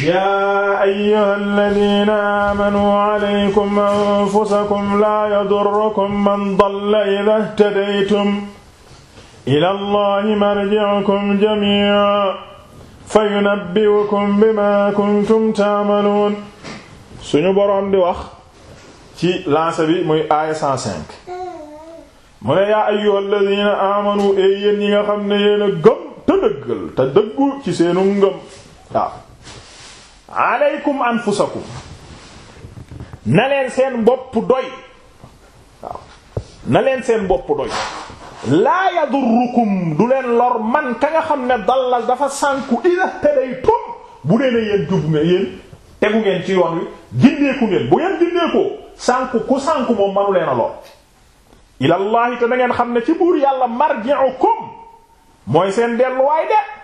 yaa ayyuha alladina aamanuu alaykum anfusakum laa yadurrukum man dalla ida htadaytum ila allahi marji'ukum jamii'an fayunabbi'ukum bimaa kuntum ta'maluun suñu boroom di wax ci lancé bi muy aaya 105 mu ne yaa ayyuha alladina aamanu yéen ñi nga xam ne yéen a gëm te dëggal te dëggu ci seenu ngëm waaw aleykum anfusakum na leen seen bopp doy waaw na leen seen bopp doy laa yadurrukum du leen lor man ka nga xam ne dallal dafa sànku ila tadaytum bu dee ne yéen jub nga yéen tegu ngeen ci yoon wi gindeeku ngeen bu ngeen gindeekoo sànku ku sànku moom manu leen a lor ilallahi te na ngeen xam ne ci buur yàlla marji'ukum mooy seen delluwaay de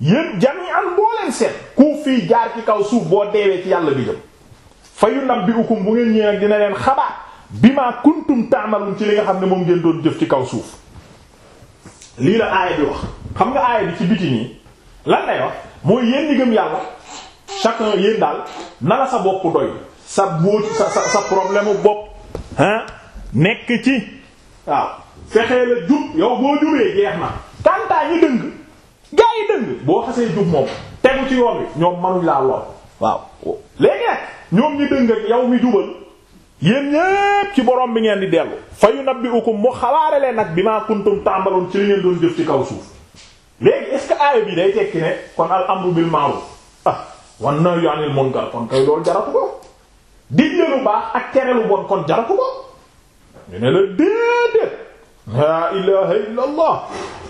yéen jami an mbooleen seen ku fii jaar ci kaw suuf boo deewee ci yàlla bi jëm fa yu nab bi ukum bu ngeen ñëwee dina leen xabaar bi ma kuntum ta'malun ci li nga xam ne moom ngeen doon jëf ci kaw suuf lii la aaya bi wax xam nga aaya bi ci biti nii lan lay wax mooy yéen gëm yàlla chacun yéen daal na la sa bopp doy sa wóot sa sa sa problème bopp hein nekk ci waaw fexee la jub yow boo jubee jeex na kantaa ñi dëng gaa dëng boo xasee jub moom tegu ci yoon wi ñoom manuñ laa lool waaw léegi nag ñoom ñi dëng ak yow mi jubal yéen ñépp ci borom bi ngeen di dellu fa yunabbi'ukum mu xabaare leen nag bi maa kuntum tàmbaloon ci li ngeen doon jëf ci kaw suuf léegi est-ce aaya bi day tekki ne kon al amru bil ma'ruf ah wan nahyu 'anil munkar kon kay loolu jaratu ko digle lu baax ak tere bon kon jaratu ko ñu ne la déedéet laa ilaha illa allah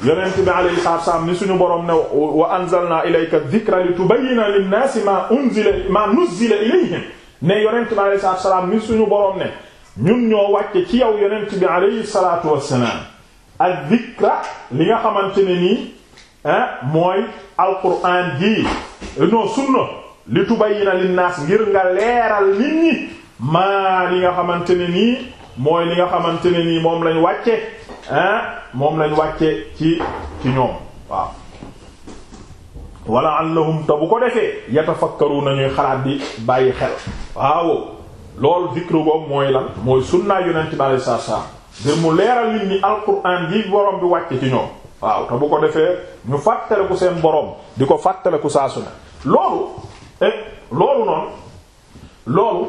yonent bi alayhi salaatu wassalaam ni suñu borom ne wa anzalna ilayka dhikra litubayyina linnaasi maa unzila maa nuzzila ilayhim ne yonent bi alayhi salaatu wassalaam ni suñu boroom ne ñun ñoo wàcce ci yow yonent bi alayhi salaatu wassalaam ad-dhikra li nga xamante ni nii mooy alquraan ji eh, non sunna li tubayyina linnaas ngir nga leeral nit ñi maa li nga xamante ne nii mooy li nga xamante ne nii moom lañu wàcce moom lañ wàcce ci ci ñoom waaw wala allahum te bu ko defee yatafakkaru nañuy xalaat bi bàyyi xel waaw loolu zikru mooy la mooy sunnaa yonent bi alayhi salaatu salaam ngir mu leeral ni ñi alquran yi boroom bi wàccee ci ñoom waaw te bu ko defee ñu fàttale ku seen boroom di ko fàttaliku saa su ne loolu eh, loolu noonu loolu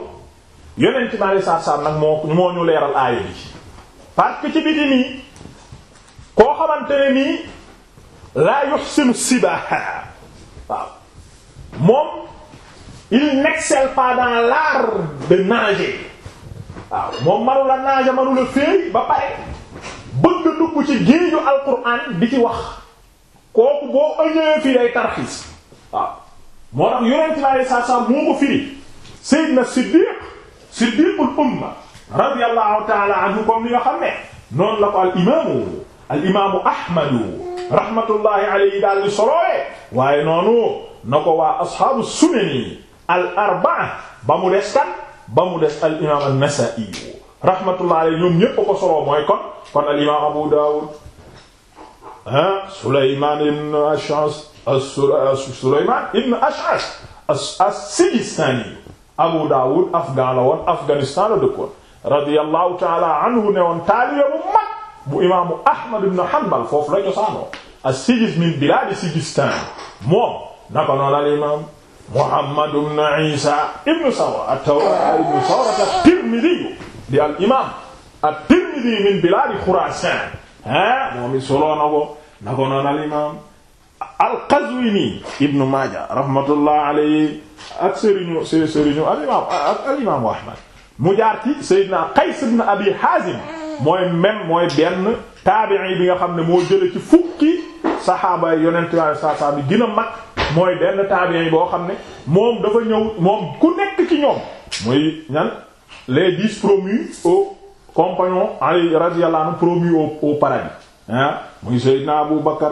yonent bi alayhi nag moo moo ñu leeral aaya bi parce que ci biti nii koo xamante ne nii laa yuhsinu sibaha waaw moom il n'excelle pas dans l'art de nager waaw moom manu la nager manu la féey ba pare bëgg dugg ci géeju alquran di ci wax kooku boo ëñëwee fii day tarxiis waaw moo tax yonent laa saa saa moo ko firi Seydina Siddiq Siddiqul umma radiyallahu ta'ala anhu comme li nga xam ne noonu la ko al imaamu al imaamu ahmadu rahmatullahi alayhi daal di soloowe waaye noonu na ko waa ashaabu sunani al arbaa ba mu des kan ba mu des al imaam an-nasa'i rahmatullahi alayhi ñoom ñépp ko soloo mooy kon kon al imaam abu daawud ah Souleymane Ibn Ash'ash Souleymane Ibn Ash'ash as-Sijistani Abu Dawud afghan la woon Afghanistan la dëkkoon radiyallahu ta'ala anhu ne woon taalibe bu mag bu imaamu Ahmad ibn Hanbal foofu la cosaanoo as-Sijis min bilaadi Sijistaan moom naka noonu al imaam Muhammad ibn Isa ibn Sawra at-Tawraawi ibn Sawra at-Tirmidhi di al imaam at-Tirmidhi min bilaadi Xuraasaan ah moom it solo na ko naka noonu al imaam al-Qazwini ibn Maaja rahmatullah alayhi ak sëriñu sëriñu al imaam al imaam Ahmad mu jaar ci Seydina Qays ibn Abi Haazim mooy même mooy benn taabi'i bi nga xam ne moo jële ci fukki saxaaba yonent bi sallallahu alayhi wasallam bi mooy benn taabi'i boo xam ne moom dafa ñëw moom ku nekk ci ñoom muy ñan les dix promus au compagnons ali radiyallahu anhu promus au au paradis ah Abu Bakar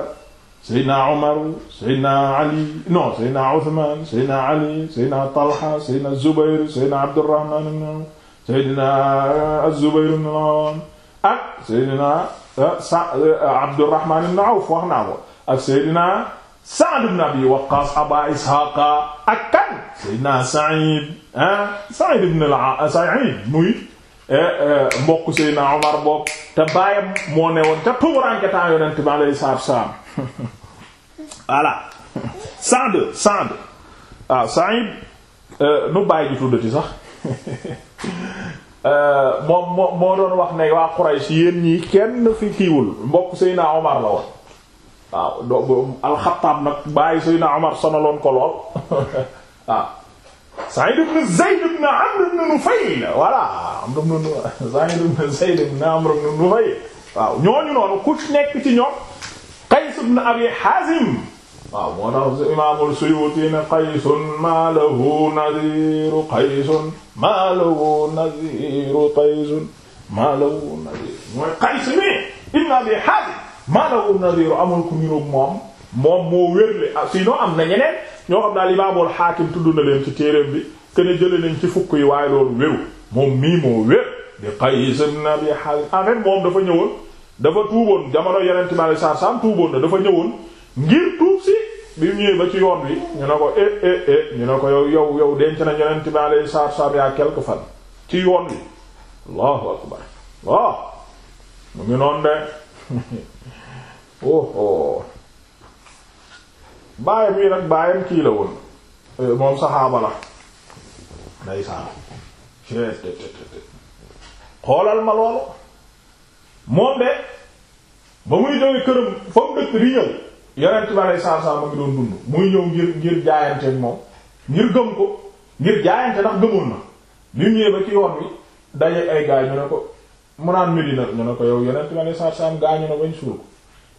Seydina Omar Seydina Ali non Seydina Ousmane Seydina Ali Seydina Talha Seydina Zubair Seydina Abdurrahman Seydina Az-Zubair ak Seydina euh, sa euh, Abdurrahman ibn Awf wax naa ko ak Seydina Sa'd ibn Abi Waqqas Aba Ishaqa ak kan Seydina Sa'id ah Sa'id ibn al ah, Sa'id muy eh, eh, mbokk Seydina Omar boobu te baayam moo ne woon te tumuranke temps yonent bi alayhi salaatu salaam voilà Sa'd Sa'd waaw ah, Sa'id euh, nu bàyyi ji tuddati sax Euh, moom moo doon wax ne waa Quraysh yéen ñii kenn fi kiiwul mbokk Seydina Omar la woon waaw do alxataab nag bàyyi Seydina Omar sonaloon ko lool waaw Sa'id ibn Zayd ibn Amr ibn Nufayl voilà Amr ibn Sa'id ibn Zayd ibn Amr ibn Nufayl waaw ñooñu noonu ku nekk ci ñoom Qays ibn Abi Hazim waaw moo tax imaamul Suyuuti ne qaysun maa lahu nadiiru qaysun maa lahu nadiiru qaysun maa lahu nadiiru mooy qays mi ibn Abi Haazim maa lahu nadiiru amul ku niroog moom moom moo wérle ah, sinon am na ñeneen ñoo xam daal imaamul Haakim tudd na leen ci téereem bi kene jële nañ ci fukk yi waaye loolu wéru moom mii moo wér di Qays ibn Abi Haazim en moom dafa ñëwoon dafa tuuboon jamono yeneen ci maanaam sax sànq tuuboon na dafa ñëwoon ngir bi mu ñëwee ba ci yoon wi ñu ne ko eh eh eh ñu ne ko yow yow yow denc na yonent bi alayhi salaatu salaam yaa quelque fan ci yoon wi allahu akbar waaw mu ngi noonu de oh, oh baayam yi nag baayam kii la woon eh, moom saxaaba la ndeysaan xoolal ma loolu moom de ba muy jóge këram fa mu dëkk di ñëw yonent bi aleyhi ngi doon dund muy ñëw ngir ngir jaayante moom ngir gëm ko ngir jaayante ndax gëmoon na li ñëwee ba ci yoon wi daje ay gaay ñu ne ko mu naan Medina mu ne ko yow yonent bi aleyhi salaatu gaañu na bañ suul ko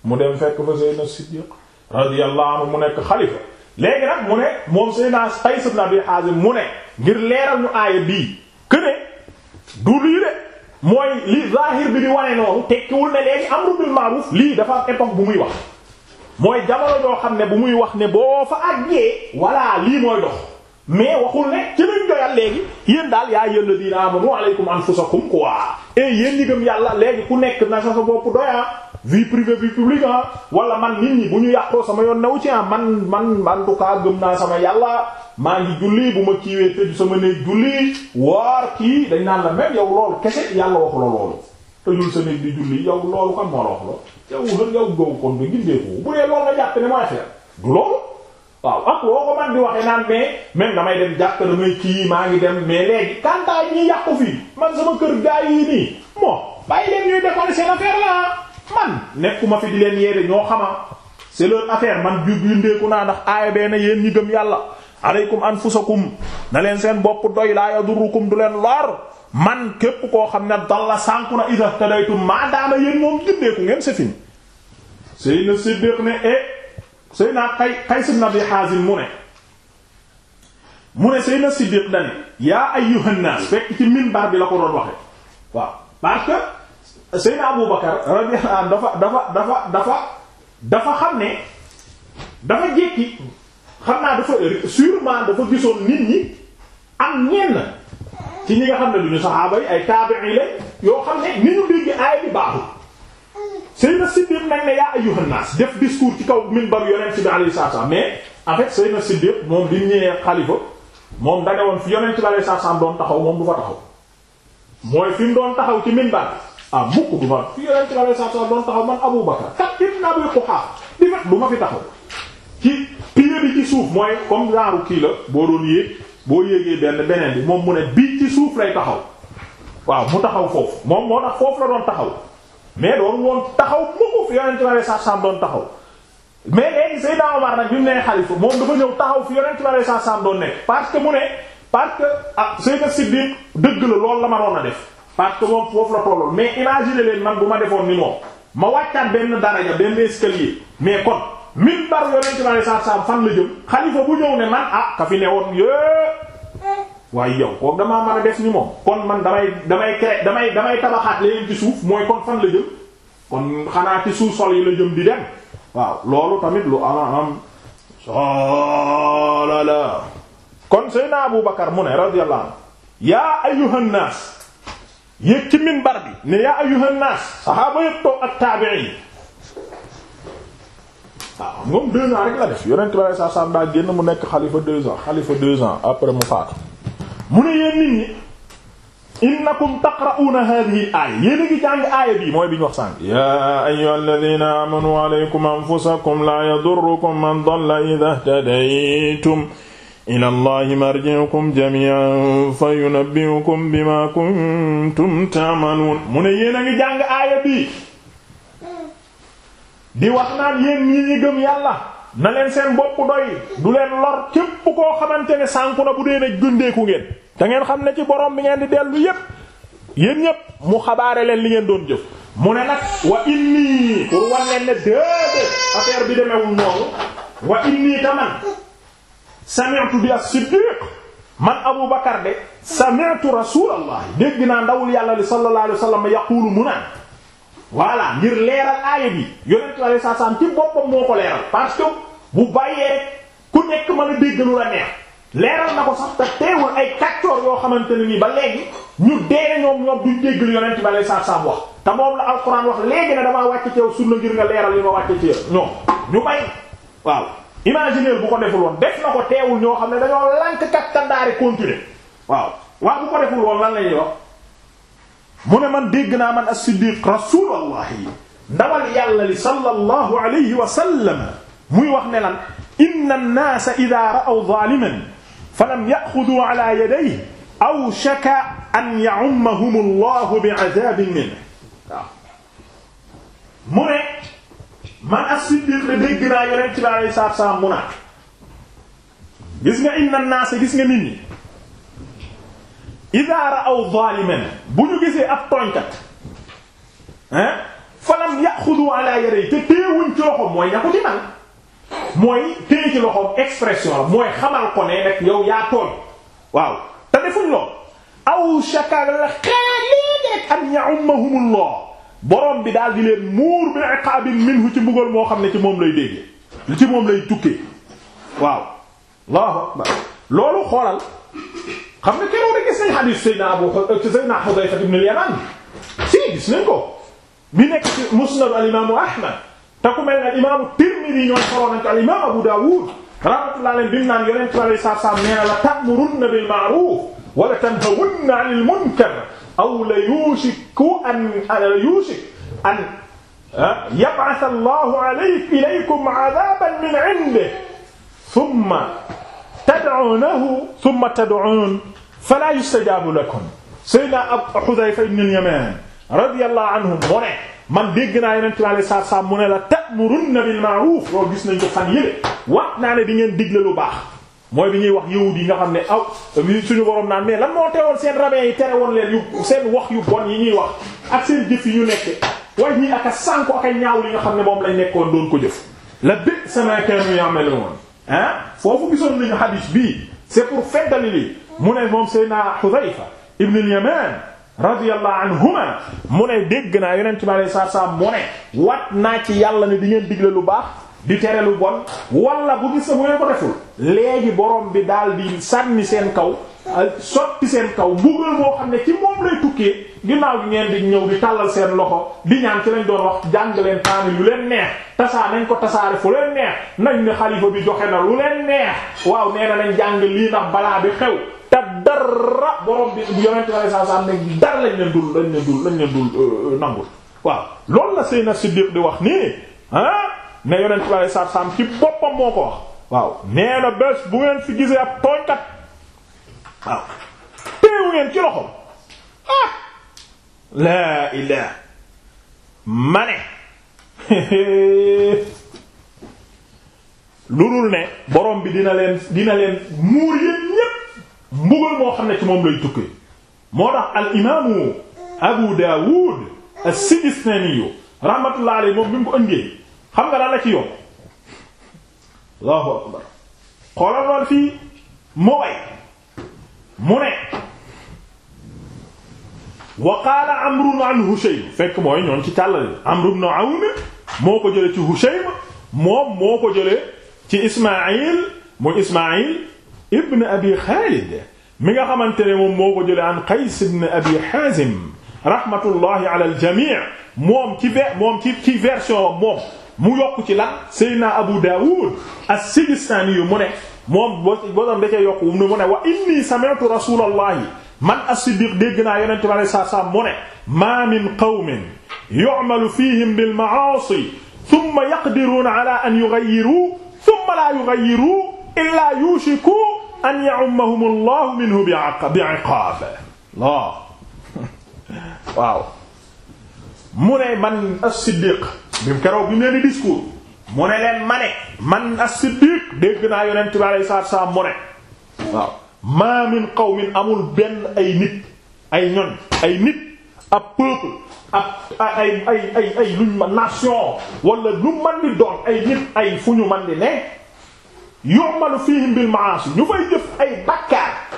mu dem fekk fa Seydina Siddiq radiyallahu anhu mu nekk xalifa léegi nag mu ne moom Seydina Qays ibn Abi Hazim mu ne ngir leeral ñu aaya bii que ne du de mooy li zahir bi di wane noonu tekkiwul ne léegi am bil ma'ruf lii dafa bu muy wax. mooy jamono joo xam ne bu muy wax ne boo fa àggee walla lii mooy dox mais waxul ne ci lañ doyal léegi yéen daal yaa yéen a diina amanu aleykum anfusakum quoi et yéen ñi gëm yàlla léegi ku nekk na sa sa bopp doya vie privée vie publique ah wala man nit ñi bu ñu yàqoo sama yoon new ci ah man man en tout cas gëm naa sama yàlla maa ngi julli bu ma kiiwee tëju sama néeg julli woor kii dañ naan la même yow loolu kese yàlla waxu la loolu tëjul sa yow wër nga gaw kon du gindeeku bu dee loolu nga jàpp ne mooy affaire du loolu waaw ak loo ko man di waxee naan mais même damay dem jàpp damay kii maa ngi dem mais léegi kantaay ñi yàqu fii man sama kër gaa yi nii moo bàyyi leen ñuy décorer seen affaire la man nekkuma fi di leen yeede ñoo xama c'est leur affaire man ju gindeeku naa ndax aaya bee na yéen ñi gëm yàlla aleykum anfusakum na leen seen bopp doy laa yadurukum du leen lor man képp koo xam ne la sànku na isa tadaytum maadaama yéen moom jëndeeku ngeen c'est fini Seydina Siddiq ne e eh, Seydina Qay Qays ibn Abi Hazim mu ne mu ne Seydina Siddiq dane yaa ayyuhan nas fekk ci minbar bi la ko doon waxe waaw parce que Seydina Abu Bakar radiyallahu anhu dafa dafa dafa dafa dafa xam ne dafa jékki xam naa dafa sûrement dafa gisoon nit ñi am ñenn ci ñi nga xam ne duñu saxaaba yi ay taabi'i yoo xam ne ni ñu dégg aay bi baaxul Seydina Siddiq nag ne yaa ayyuhan naas def discours ci kaw minbar yonent bi alayhi mais en fait Seydina Siddiq moom bi ñëwee xalifa moom da ne woon fi yonent bi alayhi salaam doon taxaw moom du fa taxaw mooy fi mu doon taxaw ci minbar ah mukk du ma fi yonent bi alayhi salaam doon taxaw man Abu Bakar kat ibn Abi Quhaafa di ma du ma fi taxaw ci pied bi ci suuf mooy comme genre kii la boo doon boo yéegee benn beneen bi moom mu ne bii ci suuf lay taxaw waaw mu taxaw foofu moom moo tax foofu la doon taxaw mais doon woon taxaw mukk fi yonent bi alayhi salaam doon taxaw mais léegi Seydina Omar nag bi mu nee xalifa moom dafa ñëw taxaw fi yonent bi alayhi salaam doon nekk parce que mu ne parce que ah Seydina Siddiq dëgg la loolu la ma doon a def parce que moom foofu la tolloon mais imagine leen man bu ma defoon ni moom ma wàccaat benn daraja benn escalier mais kon. minbar yonent bi alei saa salaam fan la jëm xalifa bu ñëw ne man ah ka fi ne waaye yow kooku damaa mën a def ni moom kon man damay damay cré damay damay tabaxaat leen ci suuf mooy kon fan la jëm kon xanaa ci suuf sol yi la jëm di dem waaw loolu tamit lu ama am solo kon Seydina Abu Bakar mu ne radiyallahu anhu yaa ayyuhan naas yéeg ci minbar bi ne yaa ayyuhan saxaaba yépp toog ak waaw ah. moom deux ans rek la def yonent bi alayhi salaam daa génn mu nekk xalifa deux ans xalifa deux ans après mu faatu mu ne yéen nit ñi innakum taqra'una hadhihi aaya yéen a ngi jàng aaya bi mooy bi ñu wax sànq ya ayyuhal ladhina amanu alaykum anfusakum la yadurrukum man dalla idha ihtadaytum ila allahi marji'ukum jami'an fayunabbi'ukum bima kuntum ta'malun mu ne yéen a ngi jàng aaya bi di wax naan yéen ñi ñi gëm yàlla na leen seen bopp doy du leen lor képp koo xamante ne sànku na bu dee ne gundeeku ngeen te ngeen xam ne ci borom bi ngeen di dellu yépp yéen ñépp mu xabaare leen li ngeen doon jëf mu ne nag wa inni pour wan leen ne déedé affaire bi demewul noonu wa inni ta man sami'tu bi as-siddiq man abu de sami'tu rasulallah dégg naa ndawul yàlla li sallallahu alayhi wasallam yaqulu mu naan voilà ngir leeral aaya bi yonentu Yàlla saa saam ci boppam moo ko leeral parce que bu bàyyee rek ku nekk mën a dégg lu la neex leeral na ko sax te teewul ay kaccoor yoo xamante ne nii ba léegi ñu dee ñoom ñoom duñ dégg lu yonent Yàlla saa saam wax te moom la alxuraan wax léegi ne damaa wàcc ci yow sunna ngir nga leeral li ma wàcc ci yow ñoom ñu bay waaw imaginaire bu ko deful woon def na ko teewul ñoo xam ne dañoo lank kat tandaari continuer waaw waaw bu ko deful woon lan lañuy wax mu ne man dégg naa man as-Siddiq rasulullahi ndawal yàlla li sallallahu alayhi wa sallam muy wax ne lan inna an-naasa idha ra'aw zaaliman falam ya'khudhu ala yadayhi awshaka an ya'ummahum Allahu bi'adhabin minhu waaw mu ne man as-Siddiq de dégg naa yonent bi alayhi salaatu wa salaam mu naa gis nga inna an-naasa gis nga nit ñi idaa ra'aw zaaliman bu ñu gisee ab tooñkat hein falam yaxudu ala yadayhi te teewuñ ci loxoom mooy ña ko ci man mooy téye ci loxoom expression la mooy xamal ko ne rek yow yaa tooñ waaw te defuñ lool aw shakal xaalid rek an ya'ummahumullah borom bi daal di leen muur bi iqaabin minhu ci mbugal moo xam ne ci moom lay déggee li ci moom lay tukkee waaw allahu akbar loolu xoolal xam nga keroog rek gis nañ xadiis Seydina Abu euh, Seydina Hudayfa ibn al-Yaman si gis nañ ko bi nekk ci Musnad al-Imaamu Ahmad te ku mel ne al-Imaamu Tirmidhi ñooy xoroon nañ ko al-Imaamu Abu Dawud rahmatullah alayhi bi mu naan Yonent bi alayhi salaatu salaam nee na la ta'murunna bil ma'ruf wa la tanhawunna 'anil munkar aw la yushiku an la yushik an yab'atha Allahu ilaykum 'adhaban min 'indihi thumma tad'unahu thumma tad'un fala yustajabu lakum sayyidina ab Hudhayfa ibn al-Yaman radiyallahu anhum mu ne man dégg naa yonent bi alayhi salaatu salaam mu ne la ta'murunna bil ma'ruf loolu gis nañ ko fan yële wa naa ne di ngeen digle lu baax mooy bi ñuy wax yahud yi nga xam ne aw suñu borom naan mais lan moo teewoon seen rabbin yi tere woon leen yu seen wax yu bon yi ñuy wax a seen jëf yi ñu nekk waaye ñii ak a sànku ak a ñaaw li nga xam ne moom lañ nekkoon doon ko jëf la bi sama kaanu ah foofu gisoon nañu hadith bii c'est pour feddali li mu ne moom Seydina Hudhayfa ibn al radiyallahu anhuma mu ne dégg naa yonent bi alayhi salaatu salaam mu ne wat naa ci yàlla ne di ngeen digle lu baax di tere lu bon wala bu gis mu ngeen ko deful léegi borom bi daal di sànni seen kaw sotti seen kaw mbugal moo xam ne ci moom lay tukkee ginnaaw gi ngeen di ñëw di tàllal seen loxo di ñaan ci lañ doon wax jàng leen taani yu leen neex tasaa nañ ko tasaare fu leen neex nañ ne xalifa bi joxe na lu leen neex waaw nee na nañ jàng lii ndax balaa bi xew te dara borom bi bu yonente sallallahu alayhi wasallam ne dara lañ leen dul lañ leen dul lañ leen dul euh, euh, nangul waaw loolu la Seydina Siddiq di wax nii ah ne yonente sallallahu alayhi wasallam ci boppam moo ko wax waaw nee na bés bu ngeen fi gisee ab waaw teew leen ah! laa ilaa ma lu dul ne borom bi dina leen dina leen muur yéen ñépp mbugal moo xam ne ci moom lay tukkee moo tax al imaamu Abu Dawud as-Sijistani rahmatullahi alayhi moom bi mu ko xam nga daal la ci yokk Allahu akbar xoolal lool fii moo mu ne amrun an Hushaym fekk mooy ñoon ci càllale Amr ibn Awn moo ko jële ci Hushaym moom moo ko jële ci Ismaïl muy Ismaïl ibn Abi Khalid mi nga xamante ne moom moo ko jële an Qays ibn Abi Hazim rahmatullahi ala al-jami' moom ci moom ci ci version moom mu yokk ci lan Seydina Abu Dawud as-Sijistani yu mu ne moom boo boo doon da cee yokk mu ne wa inni sami'tu rasulallahi man as-siddiq dégg naa yonent bi alayhi salaatu salaam mu ne ma min qawmin yu'malu fihim bil ma'asi thumma yaqdiruna ala an yughayyiru thumma la yughayyiru illa yushiku an ya'ummahum allahu minhu bi'iqaab waaw mu ne man as-siddiq bi mu keroog bi mu leen di discours mu ne leen ma ne man as-Siddiq dégg naa yonent bi alayhi salaatu salaam mu ne waaw ma min qawmin amul benn ay nit ay ñoñ ay nit ab peuple ab ay ay ay luñ ma nation wala lu man di doon ay nit ay fu ñu man di ne yu'malu fihim bil ma'asi ñu fay jëf ay bakkaar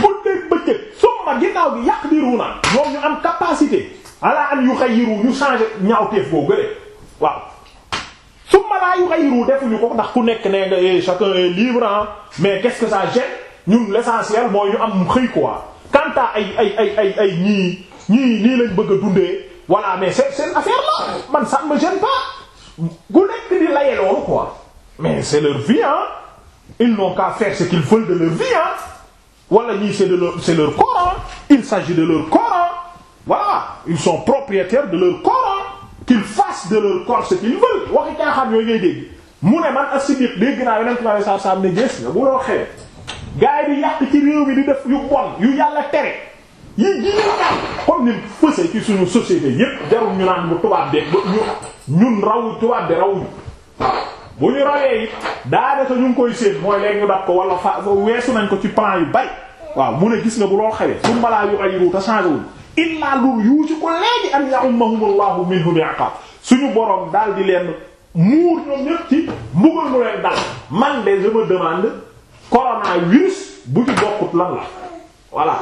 bu dégg bëccëg summa ginnaaw gi yaqdiruna ñoom ñu am capacité ala an yughayyiru ñu changer ñaawteef boo gëlee waaw summa laa yughayyiru defuñu ko ndax ku nekk nee nga eh, chacun est libre hein mais qu'est-ce que ça gêne ñun l'essentiel mooy ñu am xëy quoi quant à ay ay ay ay ay ñii ñii nii lañ bëgg a dundee voilà mais c'est c'est affaire là man ça me gêne pas ku nekk di laye loolu quoi mais c'est leur vie hein ils n'ont qu'à faire ce qu'ils veulent de leur vie hein wala ñii c'est de leur c'est leur il s'agit de leur corps hein ils sont propriétaires de leur corps hein qu'ils de leur corps ce qu'ils veulent caaxaan yooyu ngay mu ne man as-Siddiq dégg naa yonent bi saa saa ne gis nga bu loo xewee gars yi di ci réew mi di def yu bon yu yàlla tere yi ji ñu comme ni fëse ñu naan bu tubaab ñun rawu tubaab de rawuñu bu ñu ñu ngi koy séen mooy nañ ko ci plan yu bari waaw mu gis nga bu loo xewee su mbalaa yu ay ruuta changé illaa lul yuu ci ko léegi an ya'ummahumullahu minhu bi'aqab suñu boroom daal di leen muur ñoom ñëpp ci mbugal mu leen man de je me demande coronavirus bu ci bokkut lan la voilà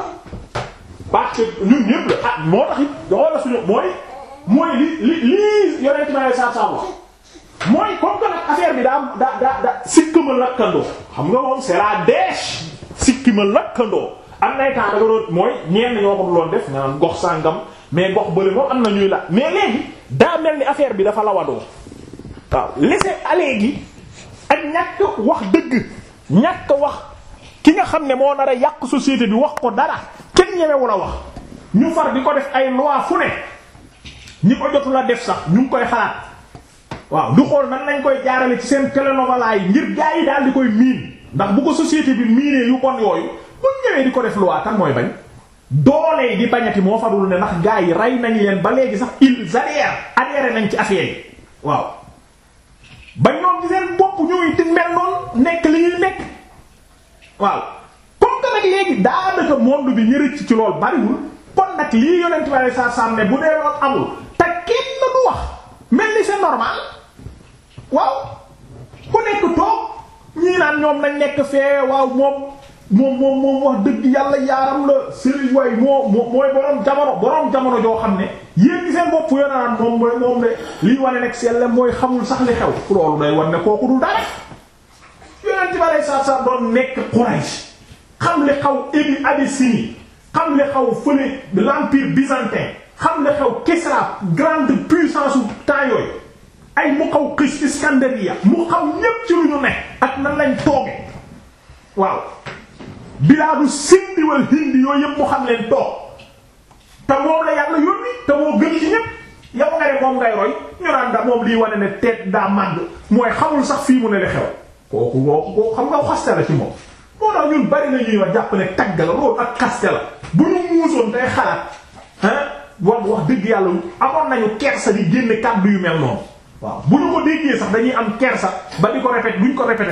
parce ñun ñëpp la ah moo tax it doxala suñu mooy mooy nag affaire bi daa da da da sikki ma lakkandoo xam nga moom c'est la dèche sikki ma lakkandoo am nay temps da nga mooy ñenn ñoo ko doon def nga naan gox sàngam mais gox bële moom am na ñuy la mais léegi daa mel ni affaire bi dafa lawadoo waaw laisser aller gi ak ñàkk wax dëgg ñàkk wax ki nga xam ne moo nar a yàq société bi wax ko dara kenn ñemewu la wax ñu far di ko def ay loi fu ne ñi ko jotu la def sax ñu ngi koy xalaat waaw du xool nan nañ koy jaarale ci seen télénovela yi ngir gaa yi daal di koy miin ndax bu ko société bi miinee yu bon yooyu bu ñëwee di ko def loi tan mooy bañ doole yi di bañati moo farul ne ndax gaa yi rey nañ leen ba léegi sax ils arrière arrière nañ ci affaire waaw fokk ñuy di mel noonu nekk li nekk waaw comme que nag léegi daanaka monde bi ñu rëcc ci loolu bariwul kon nag lii yonent bi saa saa bu dee loolu amul te kenn du wax mel ni c'est normal waaw ku nekk toog ñii naan ñoom nañ nekk fee waaw moom. moom moom moom wax dëgg yàlla yaaram la Serigne way moo moo mooy borom jamono boroom jamono joo xam ne yéen ñi seen bopp yore naan moom mooy moom de liy wane nekk seen la mooy xamul sax li xew. loolu day wan ne kooku du dara yeneen ci bari saa saa doon nekk Quraish xam li xaw Ébi Abyssinie xam li xaw fële l'empire byzantin xam li xaw Kisra grande puissance su temps yooyu ay mu xaw Iskandariya mu xaw ñépp ci lu ñu ne ak nan lañ tooge waaw. bilaadu sindi wal hindi yooyu yëpp mu xam leen toog te moom la yàlla yónni te moo gën ci ñépp yow nga ne moom ngay roy ñu naan da moom lii wane ne teet daa màgg mooy xamul sax fii mu ne li xew kooku kooku xam nga xaste la ci moom moo tax ñun bari na ñuy wax jàpp ne tagg la loolu ak xaste la bu ñu muusoon tey xalaat ah wax wax dëgg yàlla amoon nañu kersa di génne kàddu yu mel noonu waaw bu ñu ko déggee sax dañuy am kersa ba di ko répété buñ ko répété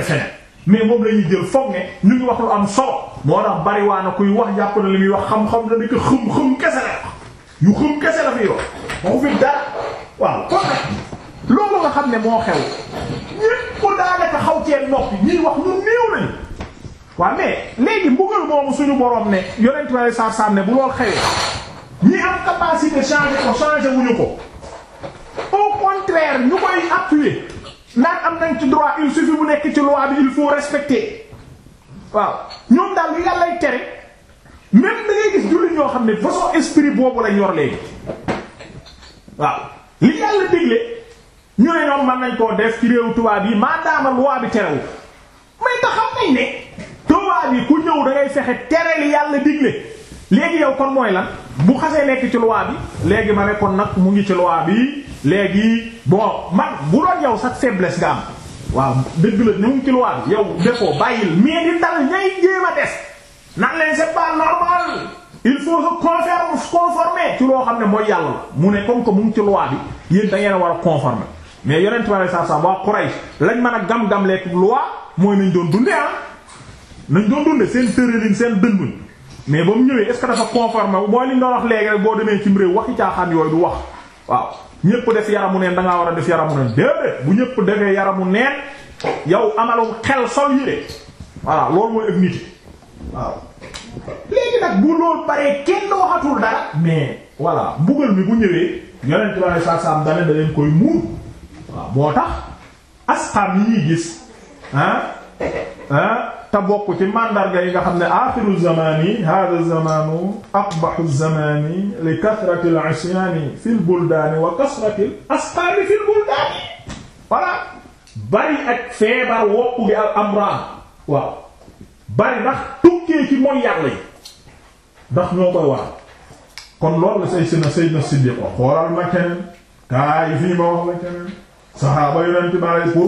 mais moom la ñuy jël foog ne ñu ngi wax lu am solo moo tax na kuy wax jàpp na li muy wax xam-xam la ni ko xëm-xëm kese la yu xëm kese la fi wax waaw kon nag loolu nga xam ne moo xew ñépp ko daanaka xaw cee noppi ñiy wax ñu néew nañu waaw mais léegi mbugal moomu suñu borom ne yonent ma sar sam ne bu lool xewee ñi am capacité changer ko changer wuñu ko au contraire ñu koy appuyer naan am nañ ci droit il suffit mu nekk ci loi il faut respecter waaw ñoom daal li yàllay tere même da gis jullit ñoo xam ne façon esprit boobu la yor léegi waaw li yàlla digle ñu ne ñoom mën nañ koo def ci réew tubaab yi maadaama loi bi terewu may ta xam nañ ne tubaab yi ku ñëw dangay ngay tere li yàlla digle léegi yow kon mooy lan bu xasee nekk ci loi bi léegi ma ne kon nag mu ngi ci loi bi léegi bon man bu doon yow sa faiblesse nga am waaw dëgg la ñu ngi ci loi bi yow defoo bàyyil mais di dal ñay jéem a des nan leen c'est pas normal il faut se conformer conformer ci loo xam ne mooy yàlla la mu ne comme que mu ngi ci loi bi yéen da ngeen war a conformer mais yonent bi saa saa waa Quraysh lañ mën a gam-gam lekk loi mooy nañ doon dunde ah nañ doon dunde seen tëralin seen dënduñ mais ba mu ñëwee est ce que dafa conformer mooy li ñu doon wax léegi rek boo demee ci réew waxi yooyu du wax waaw. ñépp def yaramu neen da ngaa war a def yaramu neen déedéet bu ñépp defee yaramu neen yow amalum xel sol yére voilà loolu mooy ak nit waaw léegi nag bu loolu baree kenn waxatul dara mais voilà mbugal mi bu ñëwee yonent bi sallallahu alayhi wasallam dane da leen koy muur waaw moo tax asxam yi ñuy gis ah ah te bokk ci mandarga yi nga xam ne axiru zamani hada zamanu aqbaxu zamani li kasrati l isyaani fi l buldaani wa kasrati l asqaani fi l buldaani voilà bari ak feebar woppu gi al amran bari ndax tukkee ci mooy yàlla yi ndax ñoo koy wax kon loolu la say sina sayyidna Siddiq wax xoolal ma keneen kaay fii ma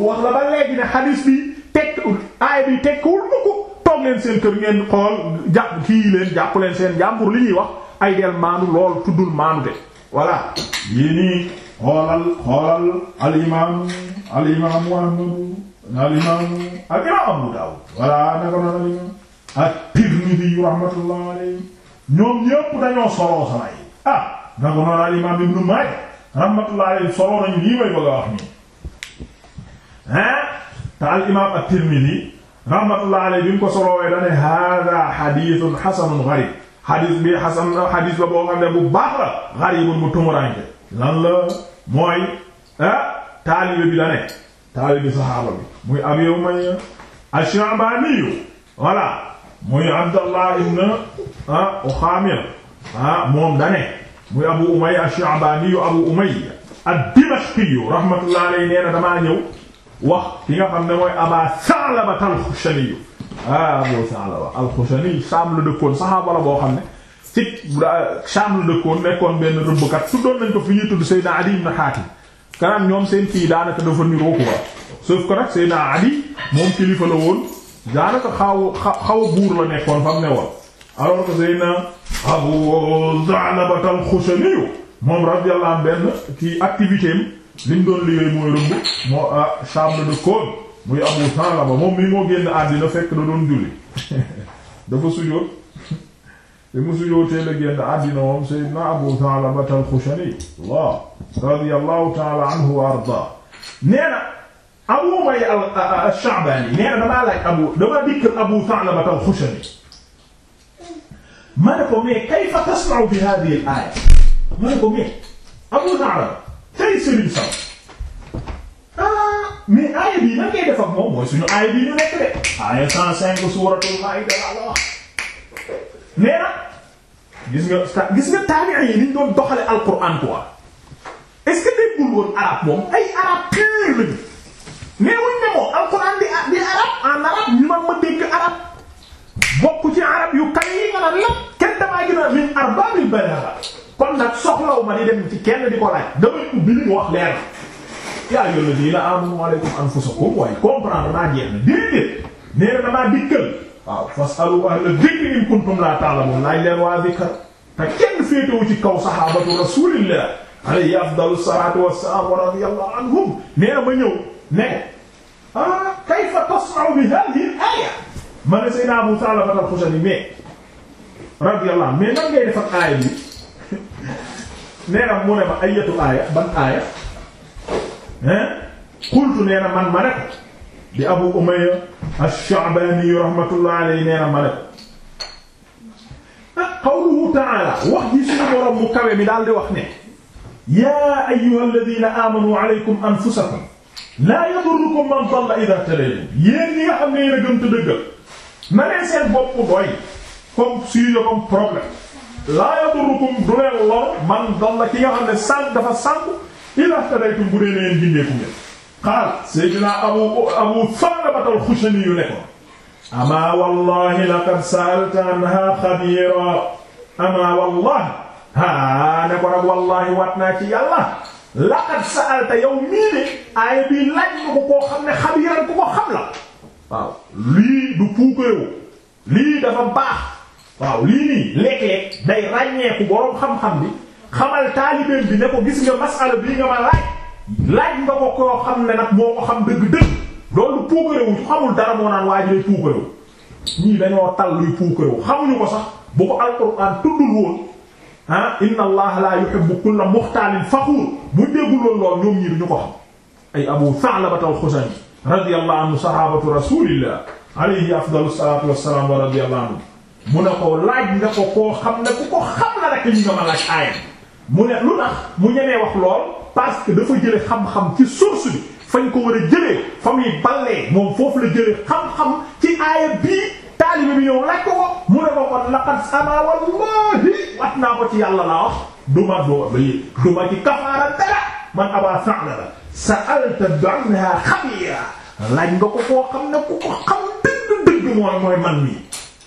wax la bi tekk aaya bi tekkiwul mukk toog leen seen kër ngeen xool jàpp kii leen jàpp leen seen jàmbur li ñuy wax ay del maanu lool tuddul maanu de yii nii xoolal xoolal al imam al imam Ahmadu al imam al imam Abu Dawud voilà naka noonu al imam ñoom ñépp dañoo soloo salay ah naka noonu al imam Ibn Majah rahmatullah soloo nañu lii may bëgg a wax nii hein te al imaam at-Tirmidhi rahmatullah alayhi bi mu ko soloowee dane hada xadithun xasanun garib xadis bi xasan xadis la boo xam ne bu baax la garibun mu tumuranke lan la mooy ah taalibe bi la ne taalibe saxaaba bi muy Abi Umayya ash-Sha'bani voilà muy Abdallah ibn ah, Uxaamir ah moom dane muy Abu Umayya ash-Sha'bani Abu Umayya ad-Dimashqi rahmatullah alayhi nee na damaa ñëw wax ki nga xam ne mooy Aba Sa'laba al-Khushani ah Abu Sa'laba al-Khushani Saam boo xam ne ci Saam la dëkkoon nekkoon benn rëbbkat tuddoon nañ ko fi ñuy tudd Seydina Adi ibn Hatim kanam ñoom seen kii daanaka dafa niroo ko sauf que nag Seydina Adi moom kilifa la woon daanaka xaw xaw a buur nekkoon fa mu ne woon alors que Seydina benn kii activité am liñ doon liggéey mooy rëbb moo ah chambre de Koon muy Abu Salama moom mii moo génn àddina fekk da doon julli dafa sujjóot bi mu sujjóotee la génn àddina moom Seydina Abu Salama na Abu Umayya al-Sha'bani nee na damaa laaj Abu damaa dikkal Abu Salama al-Xushani ma ne ko mais kayfa tasna'u bi haadhihi tey Serigne Saw ah mais aaya bii nan ngay def ak moom mooy suñu aaya bii ñu nekk de aaya 105 suuratul Maa'ida la wax nee na gis nga gis nga taabi'i yi ay arab pur lañu mais wuñ ne moom alquran di arab en arabe ñu man ma dégg arab bokk ci arab yu kay yi nga la kenn damaa gën a min arbaabil balaaga kon nag soxlaw ma di dem ci kenn di ko laaj damay ubbi li mu wax leer yaa yolla dii la amanu alaykum anfusakum waaye comprendre naa jeex na déedéet nee na damaa dikkal waaw fasalu ahla dhikri in kuntum la ta'lamun laaj leen waa dikkal te kenn féetewu ci kaw sahabatu rasulillah alayhi afdalu salatu wassalam wa radiyallahu anhum nee na ma ñëw ne ah kayfa tasna'u bi hadhihi al-aya ma ne Seydina Abu Sa'laba al-Khusani mais radiyallahu mais nan ngay def ak aaya bi nee na mu ne ma ayatu aaya ban aaya qultu nee na man ma ne ko di Abu Umayya ash-Sha'bani rahmatullahi alayhi nee na ma ne ko ah qawluhu ta'ala wax ji suñu borom mu kawe mi daal di wax ne yaa ayyuhal ladina amanu alaykum anfusakum laa yadurrukum man dalla idha talaytum yéen ñi nga xam ne yéen a gëm te dëggal na leen seen bopp doy comme sujet comme problème. laa yadurukum du leen lor man dalla ki nga xam ne ila tadaytum bu dee leen gindeeku abu Thalabat al-Khushani yu ne ko amaa wallahi anha xabiira amaa wallahi haa ne ko nag wallahi wat naa ci yàlla laqad sa'alta yow mii ne aaya ne xabiiran ku ko la waaw lii du puukarewu lii dafa baax waaw lii nii léeg-léeg day ràññeeku boroom xam-xam bi xamal taalibeen bi ne ko gis nga masala bii nga ma laaj laaj nga ko koo xam ne nag moo ko xam dëgg-dëgg loolu puukarewu xamul dara moo naan waa ji lay puukarewu dañoo tal luy puukarewu xamuñu ko sax bu ko alxuraan tuddul woon ah inna allah la yuhibbu kulla muxtaalin faxuur bu déggul woon ñoom ñii ñu ko xam ay abu Sa'labata al-Xusani radiyallahu anhu sahabatu rasulillah mu ne ko laaj nga ko koo xam ne ku ko xam na rek ñu nga ma laaj aayam mu ne lu tax mu ñemee wax lool parce que dafa jële xam-xam ci source fañ ko war a jëlee fa muy ballee moom foofu la jële xam-xam ci aaya bii taalibe bi ñëw laaj ko ko mu ne ko kon laqad sama wallahi naa ko ci yàlla laa wax duma doo duma ci kafaara dara man aba sa'la la sa'alta danha xabira laaj nga ko koo xam ne ku ko xam dëgg dëgg mooy mooy man mi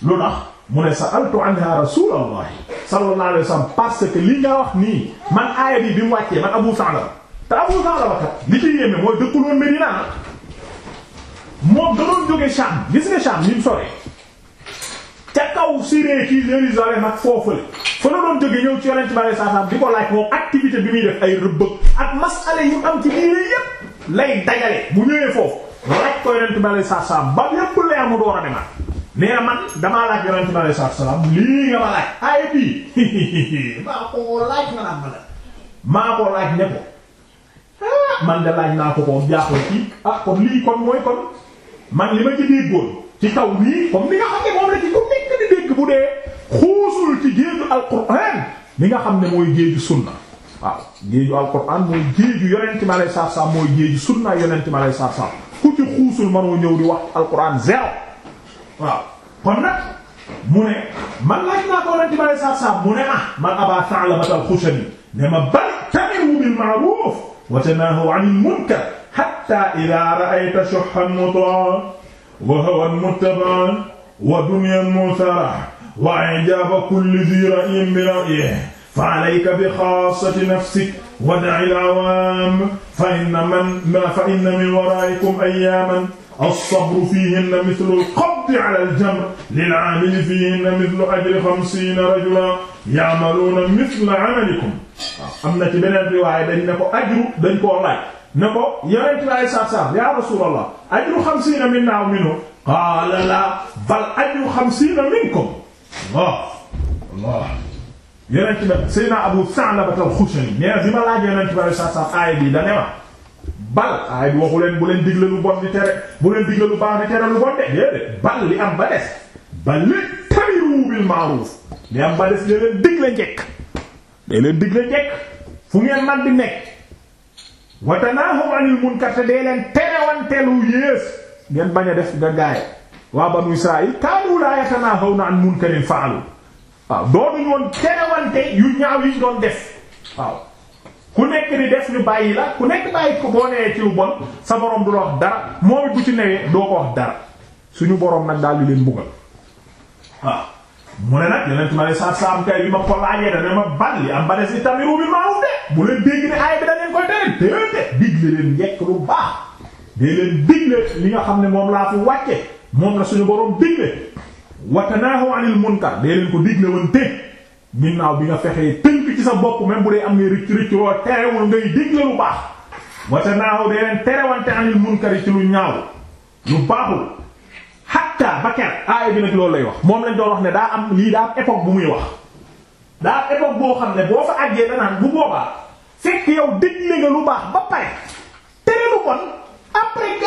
lu tax mu ne sa'altu anha rasulullah sallallahu parce que lii nga wax nii man aaya bi bi mu wàccee man Abu Sa'laba te Abu Sa'laba kat li ci yéeme mooy dëkkul woon Medina moom da doon jóge Sham gis nga Sham ni mu soree ca kaw Syrie kii Jérusalem ak foofu la fa la doon jóge ñëw ci Yonent bi sallallahu alayhi di ko laaj moom activité bi muy def ay rëbbëg ak masale yu am ci diine yépp lay dajale bu ñëwee foofu laaj ko Yonent bi sallallahu alayhi ba lépp leer mu door a nee na man damaa laaj yonent bi alayhi salaatu lii nga ma laaj ay bii maa laaj ma la maa laaj ne ko ah, man de laaj naa ko ko jaaxal ci ah kon lii kon mooy kon man li ma ci déggoon ci kaw nii comme ni nga xam ne mooy géeju sunna waaw géeju alquran mooy géeju yonent bi alayhi salaatu wa salaam mooy géeju sunna yonent bi alayhi salaatu wa ku ci xuusul mënoo ñëw di wax alquran zéro waaw kon nag mu ne man laaj naa ko Yonent bi alayhi salaatu salaam mu ne ah man Abaa Sa'labata al-Xushani ne ma bal tamiru bil ma'ruuf wa tanaahaw anil munkar hattaa izaa ra'ayta shuhhan mutaa'an wa hawan muttaba'an wa dunyan mu'tharah wa i'jaaba kulli dhii ra'yin bi ra'yihi faalayka bi xaasati nafsik wa da'il awaam fa inna man fa inna min waraa'ikum ayyaaman as-sabru fiihinna mithlu al-qabdi ala al-jamr lil-aamili fiihinna mithlu ajri xamsiina rajulan ya'maluuna mithla 'amalikum am na ci beneen riwaaya dañ ne ko ajru dañ koo laaj ne ko yonent bi alayhi salaatu salaam yaa rasuulallah ajru xamsiina minnaa aw minhum qaala laa bal ajru xamsiina minkum Allah Allah yonent bi Seydina Abu Sa'laba al-Xushani nee na bi ma laaj yonent bi alayhi salaatu salaam aaya bi da ne ma bal ay waxu leen bu leen digle lu bon di tere bu leen digle lu baax di tere lu bon de déedéet bal li am ba des bal li tamiru bil ma'ruf li am ba des dee leen digle njekk dee leen digle njekk fu ngeen man di nekk watanahum anil munkar te dee a def nga gaay waa banu Israayil kaanu laa yatanahawna an munkarin fa'alu waaw doonuñ woon terewante yu ñaaw yiñ doon def waaw ku nekk di def ñu bàyyi la ku nekk bàyyi ko boo newee ci lu bon sa borom du la wax dara moom bu ci newee doo ko wax dara suñu borom nag daal di leen buggal waaw mu ne nag yeneen ma ne sa saam ma ko ne ba des de bu leen dégg ne aay bi da leen koy tere déedéet digle leen njekk lu baax dee leen digle li nga xam ne moom laa fi wàcce moom la suñu borom digle watanaahu anil munkar dee leen ko digle woon te ginnaaw bi nga fexee ci sa bopp même bu dee am ngay rëcc rëcc woo terewul ngay digle lu baax wata naaw dee leen terewante anil munkari ci lu ñaaw lu baaxul hatta ba ker aaya bi nag loolu lay wax moom lañ doon wax ne daa am lii daa am époque bu muy wax daa am boo xam ne boo fa àggee danaan bu boobaa fekk yow digle nga lu baax ba pare tere lu bon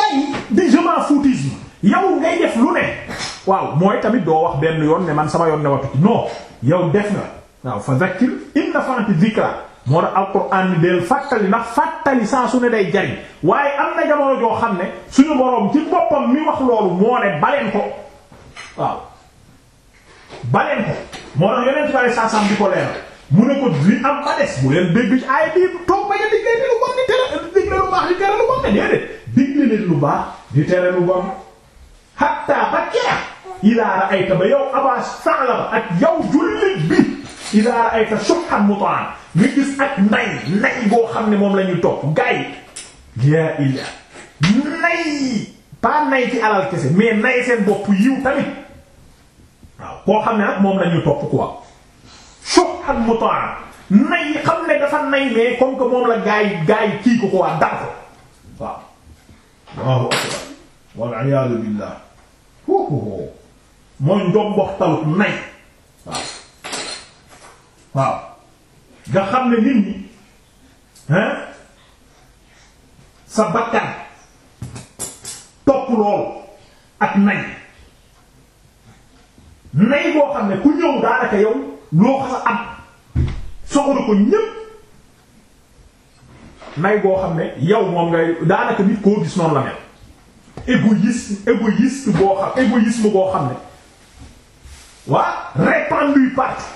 yi di je m'en foutisme yow ngay def lu ne waaw mooy tamit doo wax benn yoon ne man sama yoon ne watu waaw fa zakkir in nafa'ati dhikra moo tax alquran ni deel fàttali ndax fàttali saa su ne day jariñ waaye am na jamono joo xam ne suñu boroom ci boppam mi wax loolu moo ne baleen ko waaw baleen ko moo tax yeneen ci ware saasam di ko leeral mu ne ko li am ba des bu leen dégg ci ay bii toog ba nga digle ni lu bon di tere lu baax di tere lu bon ne déedéet digle leen lu baax di tere lu bon hatta ba kera ilaa ra'ayta ba yow Aba Sa'laba ak yow jullit idaa ayta shuhan mutaan nga gis ak nay nay boo xam ne moom la ñuy topp gay yaa illah nay pas nay ci alal kese mais nay seen bopp yiw tamit koo xam ne nag moom la ñuy topp quoi shuhan mutaan nay xam ne dafa nay mais comme que moom la gaay gaay kii ko ko waa dara ko waaw Allahu wal iyaadu billah mooy njom waxtalu nay waaw nga xam ne nit ñi hein sa bakkan topp loolu ak nay nay boo xam ne ku ñëw daanaka yow loo xas a am soxla ko ñépp nay boo xam ne yow moom ngay daanaka nit koo gis noonu la mel égoïsme égoïste boo xam égoïsme boo xam ne waa répandu partout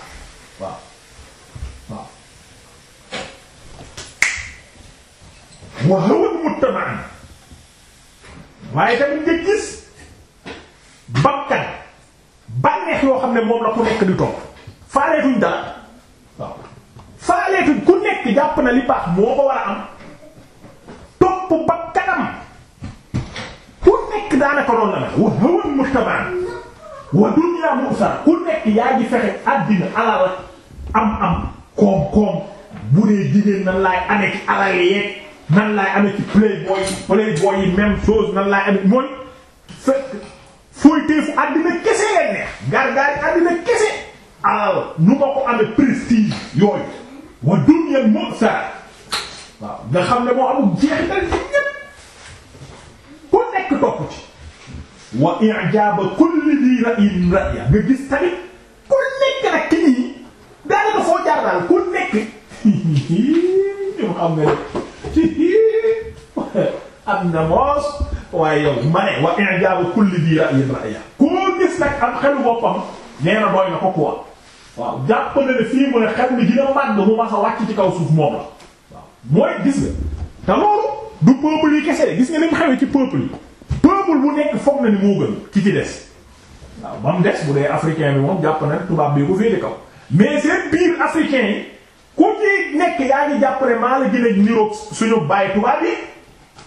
wa hawan muttamaan waaye tamit nga gis bakkan bànneex yoo xam ne moom la ku nekk di topp faaleetuñ dara faaleetuñ ku nekk jàpp na li baax moo ko war a am topp bakkanam ku nekk daanaka loolu la nag wa hawan muttamaan wa dunyaa mursar ku nekk yaa ji fexe àddina alal am am koom-koom bu dee jigéen nan laay amee alal yeeg nan laay amee ci playboy playboy yi même chose nan laay amee mooy fekk fooy teefu àddina kese leen neex gargaar yi àddina kese nu ma ko prestige yooyu wa dunya mu'sar waaw nga xam ne moo amul jeexital ci ñépp ku nekk topp ci wa i'jaba kulli di ra'in ra'ya nga gis tamit ku nekk nag ki nii daanaka foo jaar daal ku nekk ñoom am nga am na moos waaye yow ma ne wa i'jaabu kulli dii ra'yin ra'ya koo gis nag am xelu boppam nee na doy na ko waaw jàpp na ne fii mu ne xel mi dina màgg mu mas a wàcc ci kaw suuf moom la waaw mooy gis nga te loolu du peuple yi kese gis nga ni mu xewee ci peuple yi peuple bu nekk foog na ni moo gën ki ci des waaw ba mu des bu dee africain bi moom jàpp na tubaab bi ko féete kaw mais seen biir africain yi ku ci nekk yaa ngi jàppale maa la jëlee niroog suñu baay tubaab yi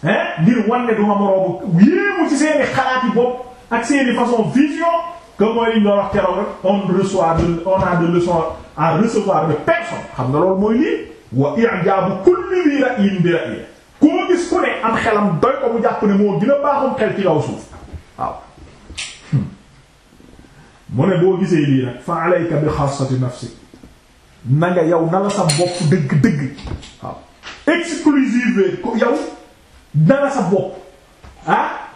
hein ngir wan du ma moroomu yéemu ci seeni xalaat yi bopp ak seeni façon vision que mooy li ñu on reçoit a de leçon à recevoir mooy lii wa i'jabu kulli li ra'yin bi ra'yi koo gis ku ne am xelam doy ko mu jàpp ne moo gën xel ci kaw hmm. mu ne boo gisee lii nag fa alayka bi xaasati nafsik na nga yow na la sa dëgg-dëgg waaw exclusive ko yow na la sa bopp ah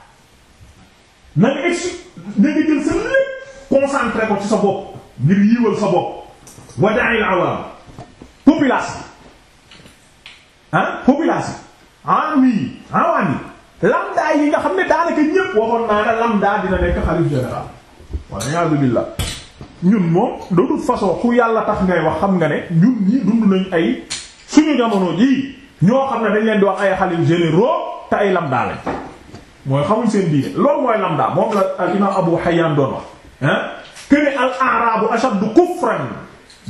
ex na nga jël sa lépp concentré ko ci sa bopp ngir yiwal sa bopp wada'il awam population ah population am yi awaan yi lambda nga xam ne daanaka ñépp naa ne lambda dina nekk xalif général wala a'udhu billah ñun moom de toute façon ku yàlla tax ngay wax xam nga ne ñun ñi dund nañ ay suñu jamono jii ñoo xam ne dañ leen di wax ay xalif généraux te ay lamda lañ mooy xamuñ seen diine loolu mooy lamda moom la al imam Abu Hayyan doon wax ah kene al arabu ashaddu kufran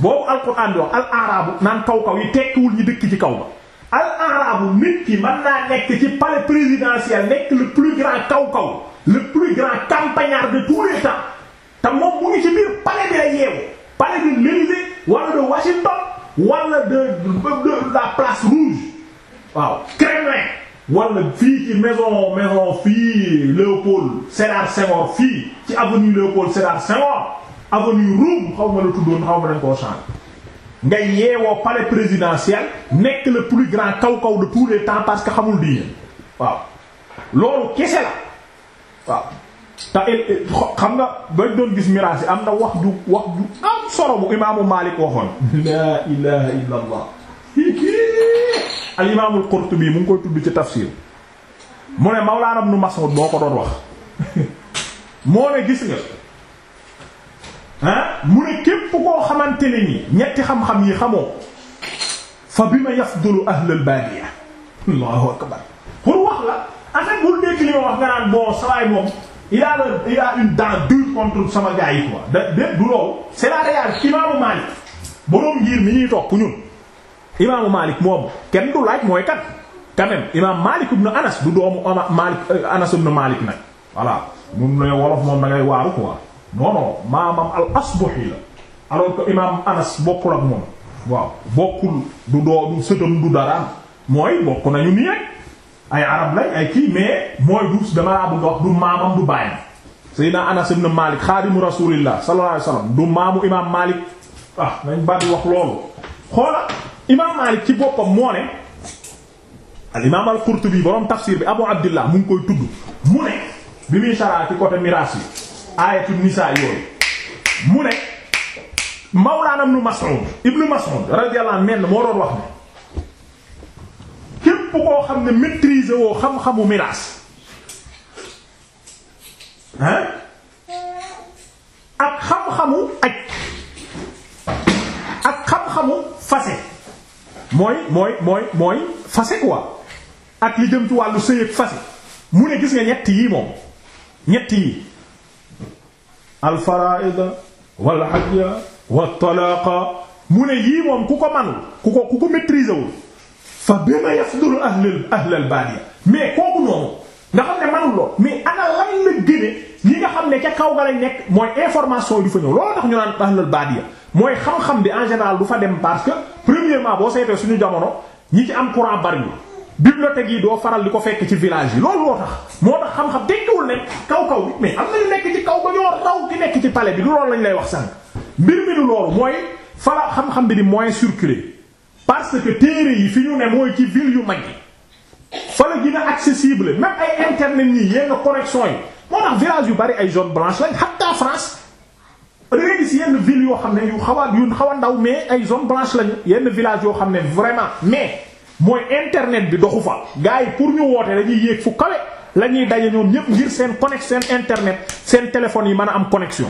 boobu alquran di wax al arabu naan kaw kaw yi tekkiwul ñu dëkk ci kaw ba al arabu nit ki mën naa nekk ci palais présidentiel nekk le plus grand kaw kaw le grand campagnard de tous les te moom mu ngi ci biir palais bi la yeewu palais de l'Élysée wala de Washington wala de de la place rouge waaw Kremlin wala fii ci maison maison fii Léopold Sédar Senghor fii ci avenue Léopold Sédar Senghor avenue Roume xaw ma la tuddoon xaw ma dañ koo changé nga yeewoo palais présidentiel nekk le plus grand kaw-kaw de tous les temps parce que xamul diine waaw loolu kese la waaw te xam nga bañ doon gis miraas am na wax ju wax ju am solo bu imaamu Maalik waxoon laa ilaha illa allah Qurtubi mu koy tudd ci tafsir mu ne Mawlaana Ibnu Mas'ud boo ko doon wax moo ne gis nga ah koo xamante ne ñetti xam yi xamoo fa bi ma yafdulu ahlul baadiya allahu akbar pour wax la afe bul nekk li wax nga naan boo sawaay moom il y a le il sama gars yi da de du loolu c'est la imaamu Maalik boroom ngir mi ñuy topp ñun imaamu Maalik moom kenn du laaj mooy kat quand même imaam Maalik ibn Anas du doomu Maalik euh, Anas ibn Maalik nag voilà moom ne wolof moom da waaru quoi non non maamam al-Asbahi la alors que imaam Anas bokkul ak moom waaw bokkul du doomu sëtam du dara mooy bokk nañu nii rek ay arab lañ ay kii mais mooy duus damaa bëgg wax du maamam du bàyyam Seydina Anas ibn Malik xaadimu rasulillah sallallahu alayhi wasallam du maamu imaam Malik ah nañ bari wax loolu xoola imaam Malik ci boppam moo ne al imaam al Qurtubi borom tafsir bi Abu Abdillah mu ngi koy tudd mu ne bi muy saraa ci côté miraas yi aayatu nisaa yooyu mu ne Mawlaana ibn Mas'ud ibn Mas'ud radiyallahu anhu moo doon wax ne képp koo xam ne maîtriser woo xam-xamu miraas hein ak xam-xamu aj ak xam-xamu fase mooy mooy mooy mooy fase quoi ak li jëm ci wàllu sëy ak fase mu ne gis nga ñett yii moom ñett yi al faraida wal hajja wat talaqa mu ne yii moom ku ko manul ku ko ku ko wul fa bima yasduru ahlul ahlul baadiya mais kooku noonu nga xam ne manul lool mais ana lan la gëne ñi nga xam ne ca kaw ga lañ nekk mooy information yi du fa ñëw loolu tax ñu naan ahlul baadiya mooy xam-xam bi en général du fa dem parce que premièrement boo seetee suñu jamono ñi ci am courant bariwul bibliothèque yi doo faral di ko fekk ci village yi loolu loo tax moo tax xam-xam tekkiwul ne kaw kaw bi mais am na ñu nekk ci kaw ko ñoo raw ki nekk ci palais bi du loolu lañ lay wax sànq mbir mi mooy fala xam-xam bi di moyen parce que téere yi fi ñu ne mooy ci ville yu mag yi fa la gën a accessible même ay internet yi yenn connexion yi moo tax village yu bari ay zone blanche lañ hatta France da ngay gis yenn ville yoo xam ne yu xaw a yu xaw a ndaw mais ay zone blanche lañu yenn village yoo xam ne vraiment mais mooy internet bi doxu fa gars yi pour ñu woote dañuy yéeg fu kawe la ñuy daje ñoom ñëpp ngir seen connexion seen internet seen téléphone yi mën a am connexion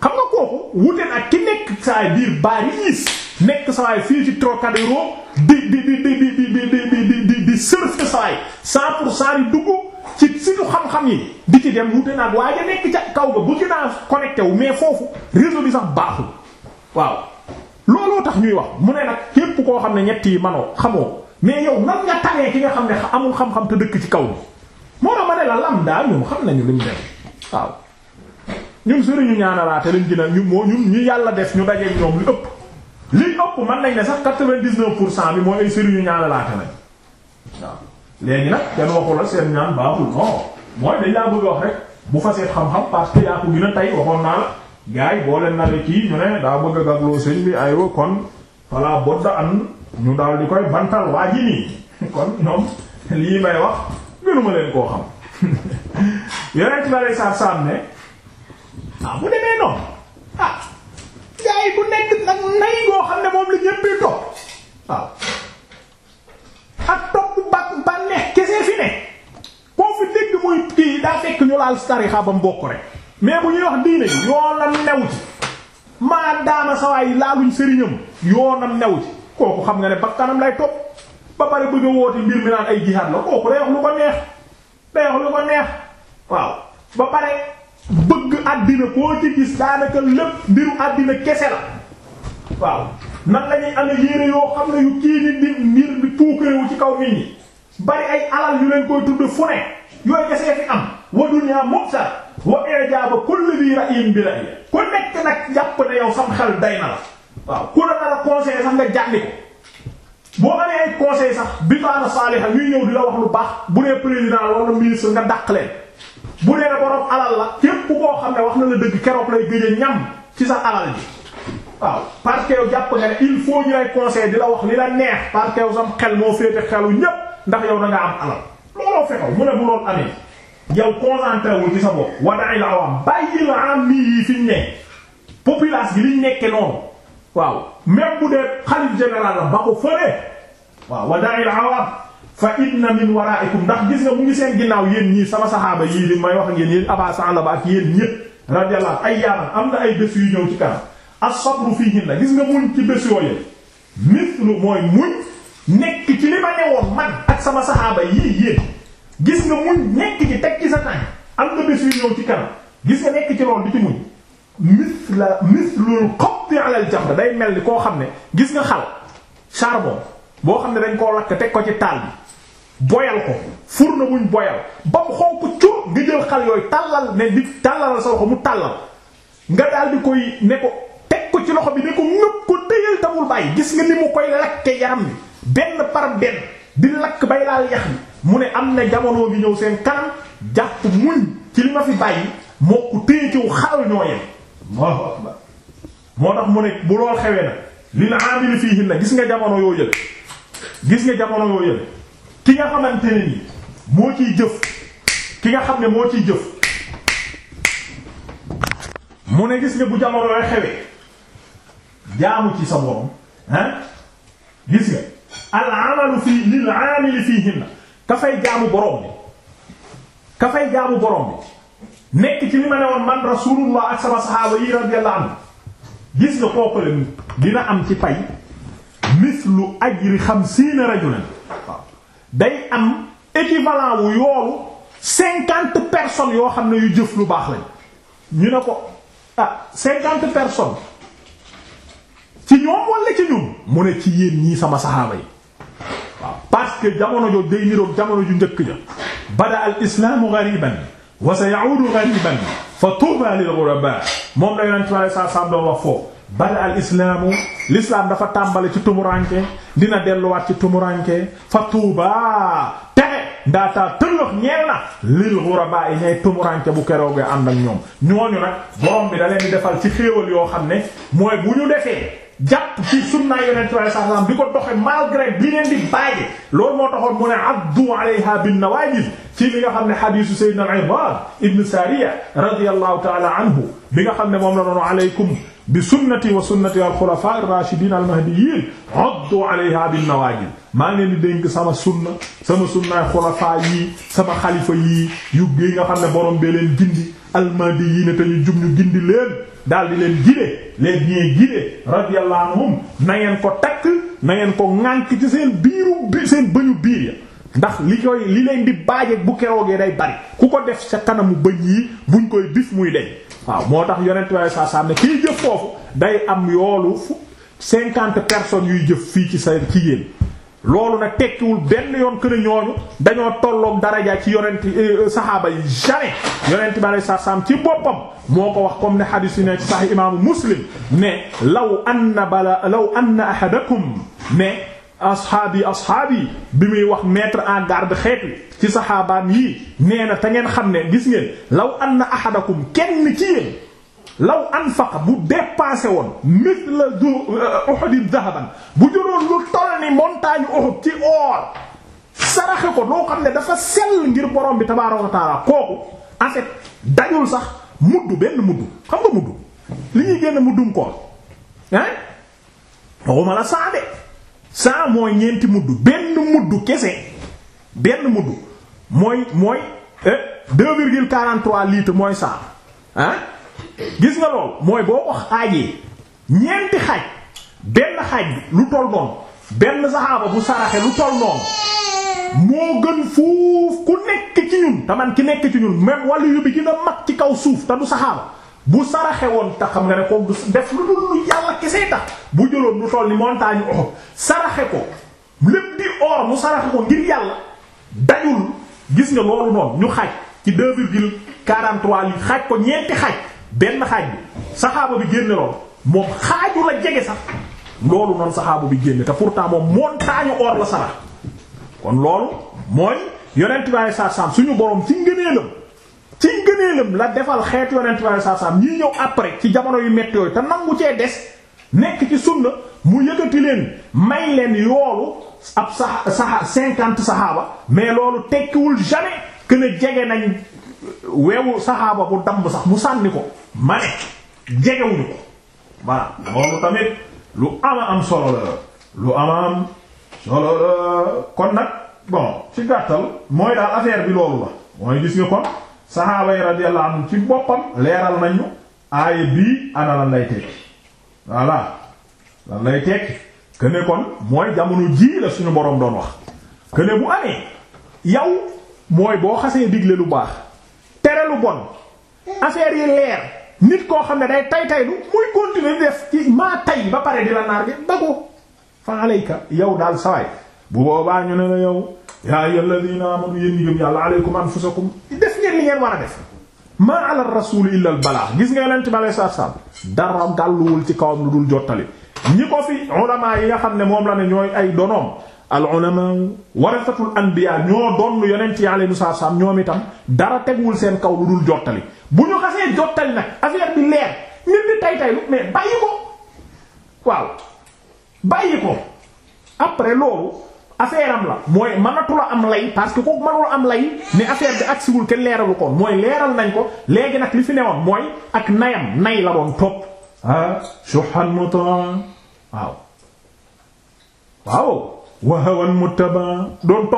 xam nga kooku wute ak ki nekk saa biir bari is nekk sawaay fii ci Trocadéro di di di di di di di di di di di surfe sawaay cent pour cent yi dugg ci situ xam-xam yi di ci dem wute naag waaye ja nekk ca kaw ga bu gën a connecté wu mais foofu réseau bi sax baaxul waaw looloo tax ñuy wax mu ne nag képp koo xam ne ñett yi manoo xamoo mais yow nan nga tawee ki nga xam ne amul xam-xam te dëkk ci kaw bi moo tax ma ne la daal ñoom xam nañu li mu dem waaw ñun sëriñu ñaanalaate lañ gën a ñu moo ñun ñu yàlla def ñu dajeeg ñoom lu ëpp li ëpp mën nañ ne sax quatre vingt dix pour cent bi mooy ay sëriñu ñaana laata nañ waaw léegi nag kenn waxu la seen ñaan baaxul non mooy dañ laa bëgg wax rek bu fa seet xam-xam parce yaa ko gën a tey waxoon naa la gars boo leen naree kii ñu ne daa bëgg a gagloo sëñ bi aywa kon voilà bodda an ñu daal di koy bantal waa ji nii kon ñoom lii may wax gënuma leen koo xam yeneen ci la lay saar saam ne ah bu demee noonu ah. nay bu xam ne moom la ñëppee topp waaw ak topp ba ba neex ne ba mu rek mais bu ñuy wax diine yoonam new ci maa daama sawaay laaluñ sëriñam yoonam new ne bakkanam lay topp ba pare bëgg a woote mbir mi naan ay jihaad la kooku day wax lu ko neex day wax lu ko neex waaw ba pare bëgg àddina boo ci gis daanaka lépp mbiru àddina kese la waaw nan lañuy amee yére yoo xam ne yu kii nit di bi puukarewu ci kaw nit ñi bari ay alal yu leen koy tudd fu ne yooyu kese fi am wa bi ra'in bi ra'in ku nekk nag jàpp ne yow sam xel day na la waaw ku la dara conseil sax nga jànni ko boo amee ay conseil sax bitaana saaliha ñuy ñëw di la wax lu baax bu dee président wala ministre nga dàq leen bu dee borom alal la képp koo xam ne wax na la dëgg keroog lay gëj a ñam ci sa alal ji waaw parce que yow jàpp nga ne il faut ñu lay conseil di la wax li la neex parce sam xel moo féete xelu ñépp ndax yow da am alal looloo fekkaw mu ne bu loolu amee yow concentré wul ci sa bopp wadaay la awam bàyyi la am nii yi fiñ ne population bi liñ nekke noonu waaw même bu dee xalif général la ba ko fëree waaw wadaay la awam fa inna waraa waraikum ndax gis nga mu ngi seen ginnaaw yéen ñii sama saxaaba yii li may wax ngeen yéen Aba Sa'laba ak yéen ñépp radiyallahu ayyaaman am na ay bés yu ñëw ci kanam as-sabru fiihinna gis nga muñ ci bés yooyu mithlu mooy muñ nekk ci li ma ak sama saxaaba yii yéen gis nga muñ nekk ci teg ci sa tànk am na bés yu ñëw ci kanam gis nga nekk ci loolu di ci muñ mithla mithlul qabdi ala al-jamr day mel ni koo xam ne gis nga xal charbon boo xam ne dañ koo lakk teg ko ci taal bi boyal ko furna buñ boyal ba mu xonq cur nga jël xal yooyu tàllal ne nit tàllal sa loxo mu tàllal nga daal di koy ne ko teg ko ci loxo bi ne ko ñëpp ko déyal gis nga ni mu koy lakke yaram di lakk bay laal yax am na jamono gi ñëw seen kanam ci li ma fi bàyyi moo ko téye ciw xal ñoo yem moo tax mu ne bu lool xewee na lil aamili fiihin na gis nga jamono gis nga jamono yoo yële ki nga xamante ne nii moo ciy jëf ki nga xam ne moo ciy jëf mu ne gis nga bu jamonoy xewee jaamu ci sa borom ah gis nga al amalu fii lil amili fiihinna ka fay jaamu borom bi ka jaamu borom bi nekk ci li ma ne woon man rasulullah ak sama saxaaba yi radiyallahu anhu gis nga kookale dina am ci pay mislu ajri xamsiina rajulan day am équivalent wu yoolu cinquante personnes yoo xam ne yu jëf lu baax lañ ñu ne ko ah cinquante personnes ci ñoom wala ci ñun mu ne ci yéen ñii sama saxaaba yi parce que jamono jo day niroog jamono ju njëkk ja bada al islaamu ghariban wa sayaudu ghariban fa tuuba lil ghuraba moom la yonent bi sallallahu alayhi wa sallam foofu bada al islaamu l'islam dafa tàmbali ci tumuranke dina delluwaat ci tumuranke fa tuuba texe ndaataa tëllëx ñeel na lil ghuraba yi ñay tumuranke bu keroogee ànd ak ñoom ñooñu nag borom bi da leen defal ci xéewal yoo xam ne mooy bu ñu defee jàpp ci sunna yonente bi sallallahu alayhi wasallam di ko doxe malgré bi leen di bàyyi loolu moo taxoon mu ne addu alayha bin nawajid ci li nga xam ne hadisu sayyidina al-Irbaad ibn Sariya radiyallahu ta'ala anhu bi nga xam ne moom la noonu bi sunnati wa sunnati al-xulafaa ar-raashidiin al-mahdiyyiin addu maa ngi leen di dénk sama sunna sama sunnaay xulafaa yii sama xalifa yii yu yi nga xam ne borom bee leen gindi al-mahdiyyiin te ñu jub ñu gindi leen daal di leen gide les bien gidé radiyallahu anhum ko takk na ngeen ko ŋànk ci seen biiru seen bëñu biir ya ndax li koy li leen di baaje bu gi day bari ku ko def ca kanamu bëñ yi buñ koy bif muy deñ waaw moo tax yonent waaye saa saa ne kiy jëf foofu day am yoolu fu cinquante personnes yuy jëf fii ci sa ci yéen loolu nag tekkiwul benn yoon kër ñooñu dañoo tolloog daraja ci yonent eh, eh, saxaaba yi jamais yonent bi alayhi salaam ci boppam moo ko wax comme ne xadiis yi ne ci imaamu Muslim ne law an bala law anna ahadakum ne asxaabi asxaabi bi muy wax metre en garde xeet wi ci saxaabaam yii nee na te ngeen xam ne gis ngeen law anna ahadakum kenn ci yéen law anfaqa bu dépassé woon mithla euh, Uhud dahaban bu jëloon lu toll ni montagne Uhud ci or saraxe ko loo xam ne dafa sell ngir borom bi tabaaraka wa kooku en fait dajul sax mudd benn mudd xam nga mudd li ñuy génn muddum koor ah waxuma la saa mooy ñeenti mudd benn mudd kese benn mudd mooy mooy eh, deux virgule quarante-trois litres mooy cent ah gis nga lool mooy boo ko xaajee ñeenti xaaj benn xaaj bi lu toll noonu benn saxaaba bu saraxe lu toll noonu moo gën fuuf ku nekk ci ñun te man ki nekk ci ñun même wàllu yu bi gën a mag ci kaw suuf te du saxaaba bu saraxe woon tax xam nga ne kooku du def lu dul lu yàlla kese tax bu jëloon lu toll ni montagne Uhud saraxe ko lépp di or mu saraxe ko ngir yàlla dajul gis nga loolu noonu ñu xaaj ci deux virgule quarante-trois li xaaj ko ñeenti xaaj benn xaaj bi saxaaba bi génne lool moom xaaju la jege sax loolu noonu saxaaba bi génne te pourtant moom montagne or la sarax kon loolu mooy yonent bi sallallahu alayhi wasallam suñu borom ci ngëneelam. ci ngëneelam la defal xeet yonent bi sallallahu alayhi wasallam ñii ñëw après ci jamono yu métti yooyu te nangu cee des nekk ci sunna mu yëkkati leen may leen yoolu ab sax sax cinquante saxaaba mais loolu tekkiwul jamais que ne jege nañ weewu saxaaba bu damb sax mu sànni ko ma ne jegewuñu ko voilà loolu tamit lu ama am solo la lu ama am solo la kon nag bon ci gàttal mooy daal affaire bi loolu la mooy gis nga kon saxaaba yi radiyallahu anhum ci boppam leeral nañu aaya bii ana lan lay tekki voilà lan lay tekki que kon mooy jamono ji la suñu boroom doon wax que ne bu amee yow mooy boo xasee digle lu baax tere lu bon affaire yi leer nit koo xam ne day tay tay lu muy continuer def ci maa tay ba pare di la naar bi ba fa alayka yow daal sawaay bu boobaa ñu ne la yow yaa ayyuhal ladina amanu yéen ñi gëm yàlla aleykum anfusakum def ngeen li ngeen war a def maa ala rasul illa al gis nga yonent ma alei satu salam dara gàlluwul ci kawam lu dul jottali ñi ko fi ulama yi nga xam ne moom la ne ñooy ay donoom al ulama warasatul anbiya ñoo donn yonent yi alei musaatu salam ñoom itam dara tegwul seen kaw lu dul jottali bu ñu xasee jottali nag affaire bi leer nit di tay taylu mais bàyyi ko waaw bàyyi ko après affaire am la mooy mënatula am lay parce que kooku mënula am lay ne affaire bi agsiwul kenn leeralu ko mooy leeral nañ ko léegi nag li fi newoon mooy ak nayam nay la doon topp ah suhan mutan waaw waaw wa hawan muttaba doon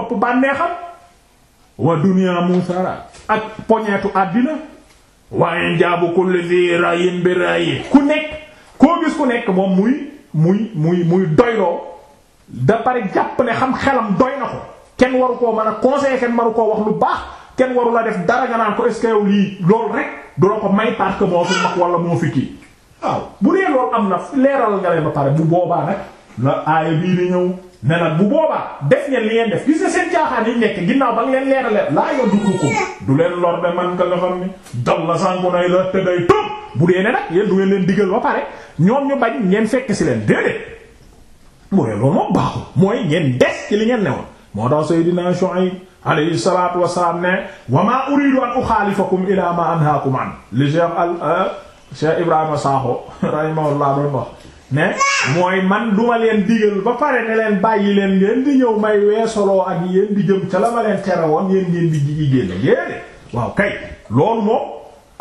ak poñeetu àddina waaye njaabu kulli di rayin bi rayin ku nekk koo gis ku nekk moom muy muy muy muy doyloo da pare jàpp ne xam xelam doy na ko kenn waru koo man a conseiller kenn waru koo wax lu baax kenn waru la def dara nga naan ko est-ce yow lii loolu rek du la ko may parce que moo fi mag wala moo fi kii waaw bu dee loolu am na leeral nga leen ba pare bu boobaa nag la aaya bii ñëw ne nag bu def ngeen li ngeen def gis nga seen nekk ginnaaw ba ngeen leerale laa yor dugg ko du leen lor de man nga nga xam ni dal la sànku nay la te day bu dee ne nag yéen du ngeen leen digal ba pare ñoom ñu bañ ngeen fekk ci leen déedéet. mooy loolu moom baaxul mooy ngeen des ci li ngeen newoon moo tax Seydina Shuayb alayhi salaatu wassalaam ne wa euh, wax ne mooy man duma leen digal ba pare ne leen leen ngeen ñëw may weesaloo ak yéen di jëm ca la ma leen tere woon yéen ngeen di ji génne yéene waaw kay loolu moom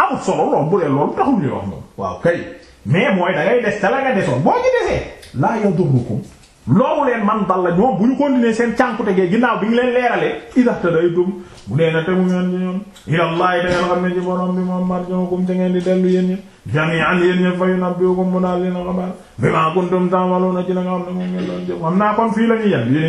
amul solo lool bu leen loolu taxul ñuy wax moom waaw kay mais mooy da des ca la nga desoon boo ci desee laa yadurukum loomu leen man dal la ñoom bu ñu continuer seen cànkute gee ginnaaw bi ñu leen leeralee idaxta day dum bu nee na tegu ngeen ci ñoom ilallahi da ngeen xam ne ci borom bi moom marjookum te ngeen di dellu yéen ñi jami'an yéen ñi fayu nabbiukum mu daal leen xabaar bi ma kuntum ta'maluna ci la nga xam ne moom ngeen doon jëf xam naa kon fii lañu yem